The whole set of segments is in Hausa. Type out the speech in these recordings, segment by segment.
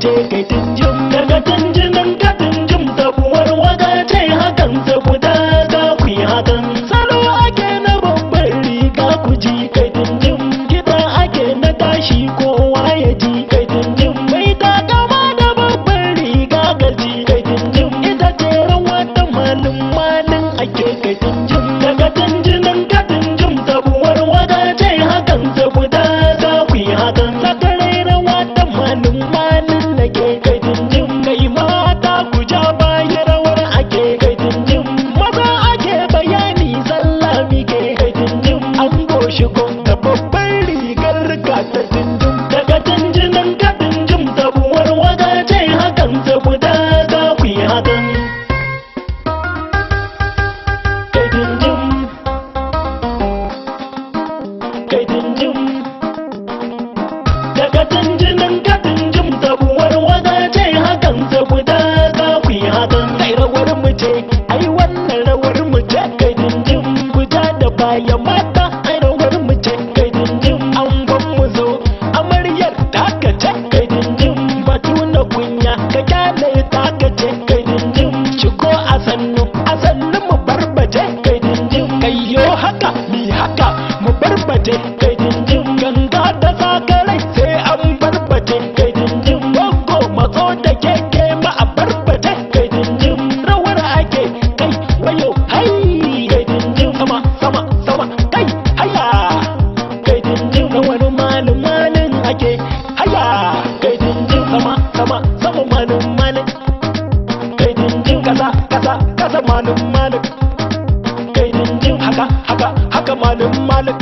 take it. You're shigon da babban rigar rika ta jinjin daga jinjinin ka jinjin da uwar waga ce hakan ta guda za ku yi hakan kai jinjin kai jinjin daga jinjinin ka jinjin da uwar waga ce hakan ta guda za ku yi hakan kai rawar mu ce ai wannan rawar mu ce kai jinjin guda da baya mata kasa kasa kasa malum malik kai din haka haka haka malum malik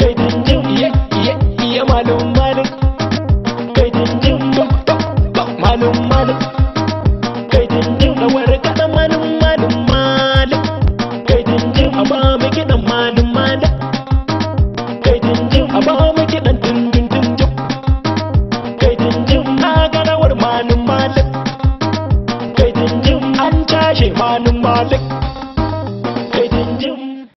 kai din iye iye iye malum malik kai din jin dok dok dok malum malik kai din din rawar kada malum malum malik kai din jin amma mai kidan malum malik ഞാനും മാലിക്